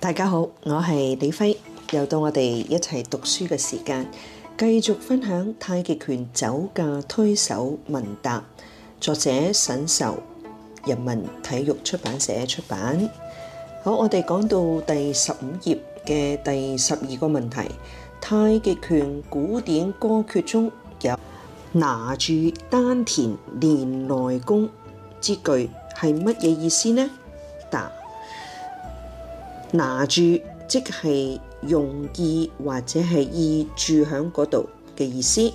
大家好，我係李輝，又到我哋一齊讀書嘅時間，繼續分享太極拳走架推手問答，作者沈壽，人民體育出版社出版。好，我哋講到第十五頁嘅第十二個問題：太極拳古典歌訣中有拿住丹田練內功之句係乜嘢意思呢？答。拿住即係用意或者係意住喺嗰度嘅意思。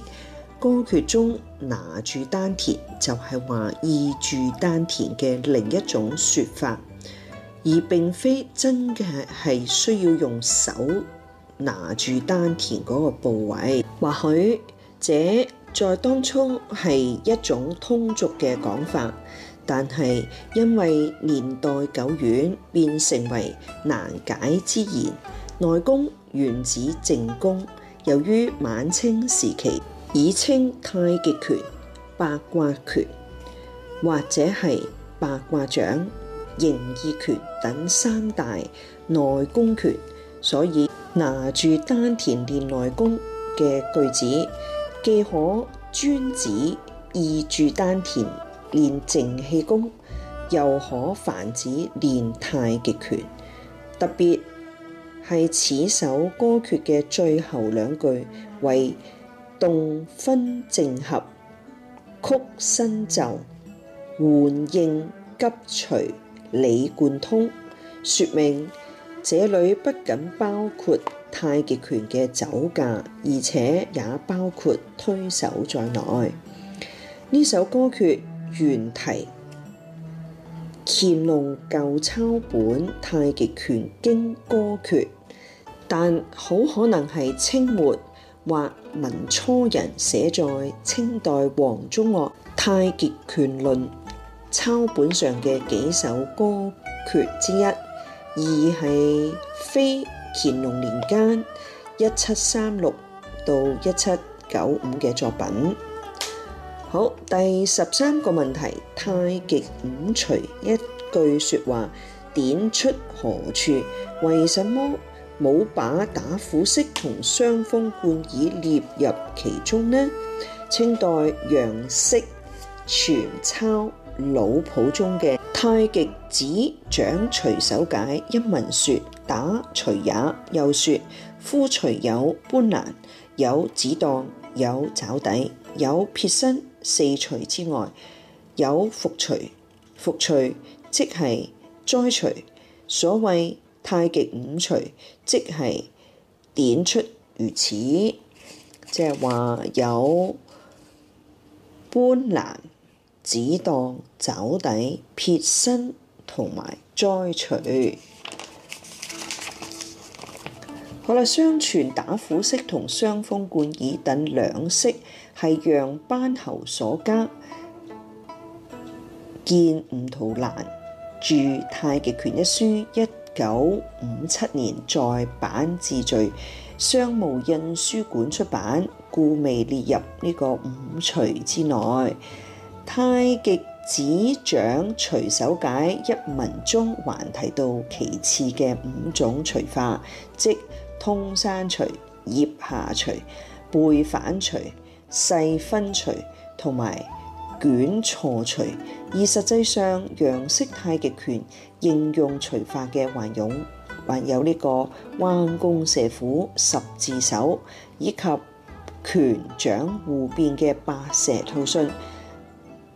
歌訣中拿住丹田就係話意住丹田嘅另一種說法，而並非真嘅係需要用手拿住丹田嗰個部位。或許這在當初係一種通俗嘅講法。但係因為年代久遠，變成為難解之言。內功原指靜功，由於晚清時期已稱太極拳、八卦拳或者係八卦掌、形意拳等三大內功拳，所以拿住丹田練內功嘅句子，既可專指意住丹田。練靜氣功，又可泛指練太極拳。特別係此首歌訣嘅最後兩句，為動分靜合，屈伸就緩，應急隨，理貫通，說明這裏不僅包括太極拳嘅走架，而且也包括推手在內。呢首歌訣。原題乾隆舊抄本《太極拳經》歌訣，但好可能係清末或民初人寫在清代王宗岳《太極拳論》抄本上嘅幾首歌訣之一。而係非乾隆年間（一七三六到一七九五）嘅作品。好，第十三個問題：「太極五捶」一句説話，點出何處？為什麼冇把打虎式同雙風貫耳列入其中呢？清代楊氏傳抄老譜中嘅《太極指掌捶手解》一文説打捶也，又説夫捶有搬拿，有指當，有爪底，有撇身。四捶之外，有伏捶。伏捶即係栽捶。所謂太極五捶」，即係點出如此，即係話有搬攔、指襠、肘底、撇身同埋栽捶。好啦，雙拳打虎式同雙峰貫耳等兩式。係楊班侯所加，見五吳圖蘭著《太極拳》一書，一九五七年再版自序，商務印書館出版，故未列入呢個五捶之內。太極指掌隨手解一文中，還提到其次嘅五種捶法，即通山捶、腋下捶、背反捶。細分捶同埋捲錯捶，而實際上楊式太極拳應用捶法嘅還用，還有還有呢個彎弓射虎、十字手，以及拳掌互變嘅白蛇吐信。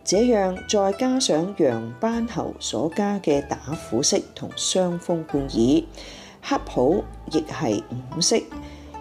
這樣再加上楊班侯所加嘅打虎式同雙風貫耳，恰好亦係五式。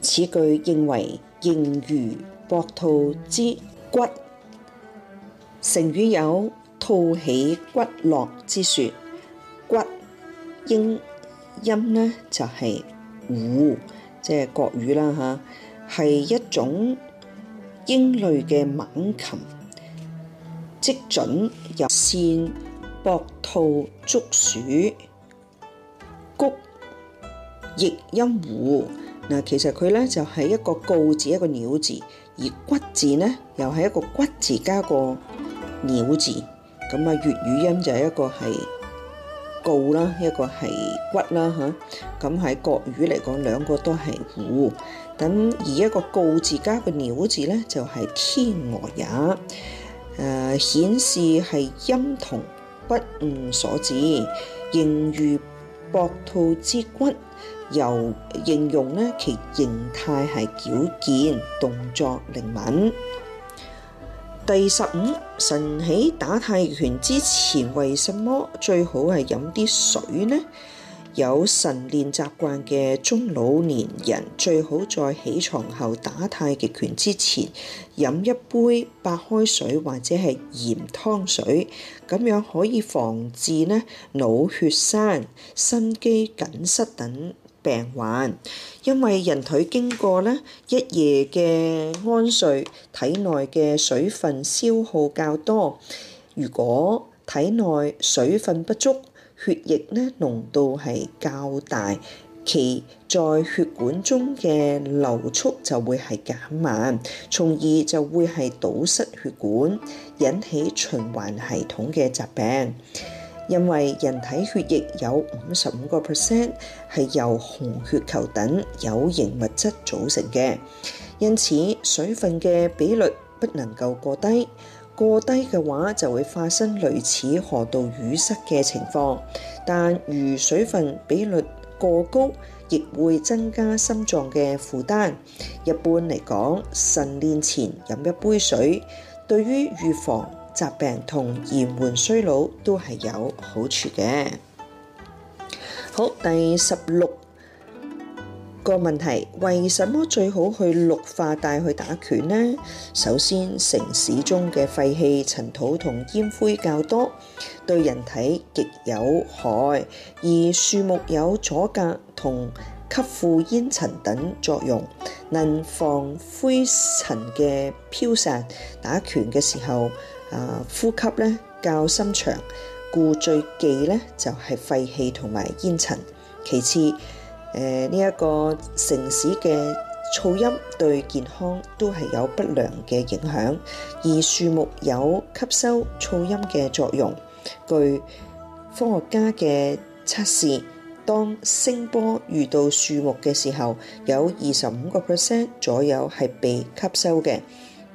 此句認為形如薄兔之骨，成語有兔起骨落之說。骨英音呢，就係、是、狐，即係國語啦吓，係一種鷹類嘅猛禽，即準有線薄兔捉鼠，骨、亦音狐」。嗱，其實佢咧就係、是、一個告字，一個鳥字，而骨字呢，又係一個骨字加個鳥字，咁啊粵語音就係一個係告啦，一個係骨啦吓，咁喺國語嚟講，兩個都係胡。咁而一個告字加個鳥字呢，就係、是、天鵝也，誒、呃、顯示係音同筆誤所致，形如薄兔之骨。又形容呢，其形態係矯健，動作靈敏。第十五，晨起打太極拳之前，為什麼最好係飲啲水呢？有晨練習慣嘅中老年人，最好在起床後打太極拳之前飲一杯白開水或者係鹽湯水，咁樣可以防治呢腦血栓、心肌梗塞等。病患，因為人體經過呢一夜嘅安睡，體內嘅水分消耗較多。如果體內水分不足，血液呢濃度係較大，其在血管中嘅流速就會係減慢，從而就會係堵塞血管，引起循環系統嘅疾病。因為人體血液有五十五個 percent 係由紅血球等有形物質組成嘅，因此水分嘅比率不能夠過低。過低嘅話就會發生類似河道淤塞嘅情況。但如水分比率過高，亦會增加心臟嘅負擔。一般嚟講，晨練前飲一杯水，對於預防疾病同延緩衰老都係有好處嘅。好，第十六個問題，為什麼最好去綠化帶去打拳呢？首先，城市中嘅廢氣、塵土同煙灰較多，對人體極有害；而樹木有阻隔同吸附煙塵等作用，能防灰塵嘅飄散。打拳嘅時候。啊，呼吸咧較深長，故最忌咧就係、是、廢氣同埋煙塵。其次，誒呢一個城市嘅噪音對健康都係有不良嘅影響，而樹木有吸收噪音嘅作用。據科學家嘅測試，當聲波遇到樹木嘅時候，有二十五個 percent 左右係被吸收嘅。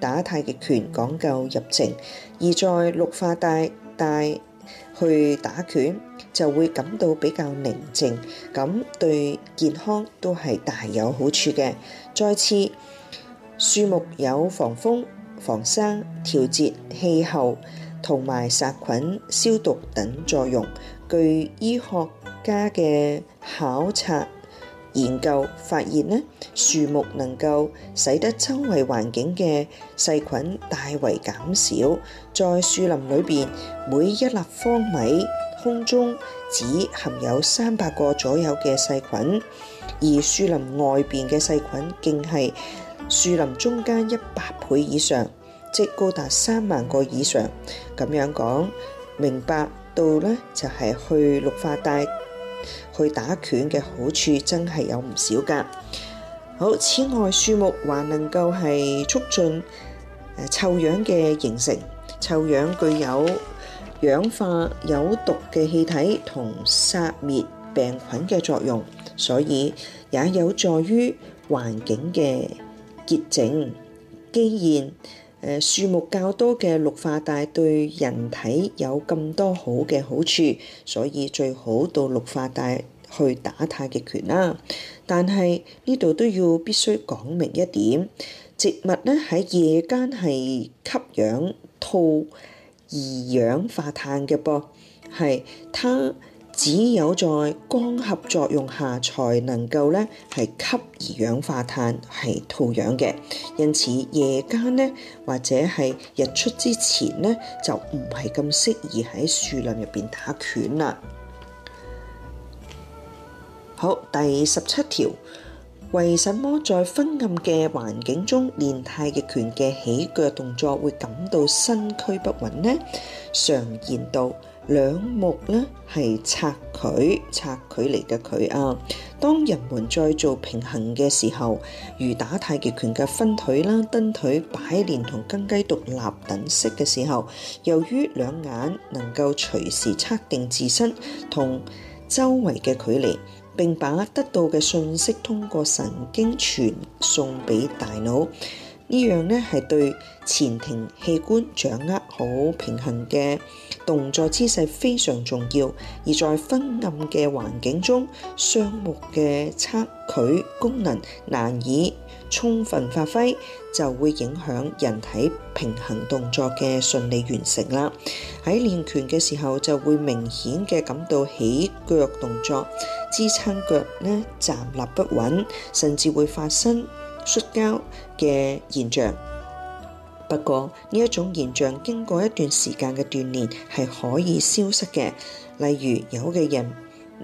打太極拳講究入靜，而在綠化帶帶去打拳就會感到比較寧靜，咁對健康都係大有好處嘅。再次，樹木有防風、防沙、調節氣候同埋殺菌、消毒等作用，據醫學家嘅考察，研究發現呢，樹木能夠使得周圍環境嘅細菌大為減少，在樹林裏邊每一立方米空中只含有三百個左右嘅細菌，而樹林外邊嘅細菌竟係樹林中間一百倍以上，即高達三萬個以上。咁樣講，明白到呢就係去綠化帶。去打拳嘅好處真係有唔少噶。好，此外樹木還能夠係促進臭氧嘅形成，臭氧具有氧化有毒嘅氣體同殺滅病菌嘅作用，所以也有助於環境嘅潔淨，既然。誒樹木較多嘅綠化帶對人體有咁多好嘅好處，所以最好到綠化帶去打太極拳啦。但係呢度都要必須講明一點，植物咧喺夜間係吸氧吐二氧化碳嘅噃，係它。只有在光合作用下，才能夠咧係吸二氧化碳係吐氧嘅，因此夜間呢，或者係日出之前呢，就唔係咁適宜喺樹林入邊打拳啦。好，第十七條，為什麼在昏暗嘅環境中練太極拳嘅起腳動作會感到身軀不穩呢？常言道。兩目咧係測距、測距離嘅距啊！當人們在做平衡嘅時候，如打太極拳嘅分腿啦、蹬腿、擺蓮同金雞獨立等式嘅時候，由於兩眼能夠隨時測定自身同周圍嘅距離，並把得到嘅信息通過神經傳送俾大腦。呢樣呢係對前庭器官掌握好平衡嘅動作姿勢非常重要，而在昏暗嘅環境中，雙目嘅測距功能難以充分發揮，就會影響人體平衡動作嘅順利完成啦。喺練拳嘅時候就會明顯嘅感到起腳動作、支撐腳呢站立不穩，甚至會發生摔跤嘅現象，不過呢一種現象經過一段時間嘅鍛煉係可以消失嘅。例如有嘅人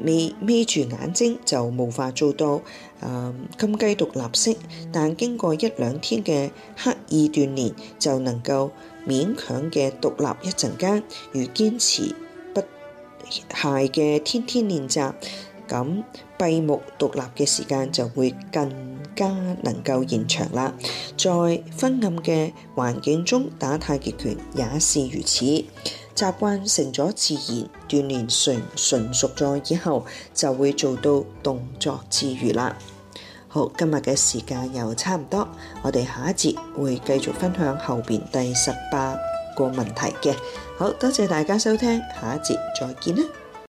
未眯住眼睛就無法做到、呃、金雞獨立式，但經過一兩天嘅刻意鍛煉，就能夠勉強嘅獨立一陣間。如堅持不懈嘅天天練習。咁閉目獨立嘅時間就會更加能夠延長啦。在昏暗嘅環境中打太極拳也是如此，習慣成咗自然，鍛煉純純熟咗以後，就會做到動作自如啦。好，今日嘅時間又差唔多，我哋下一節會繼續分享後邊第十八個問題嘅。好，多謝大家收聽，下一節再見啦。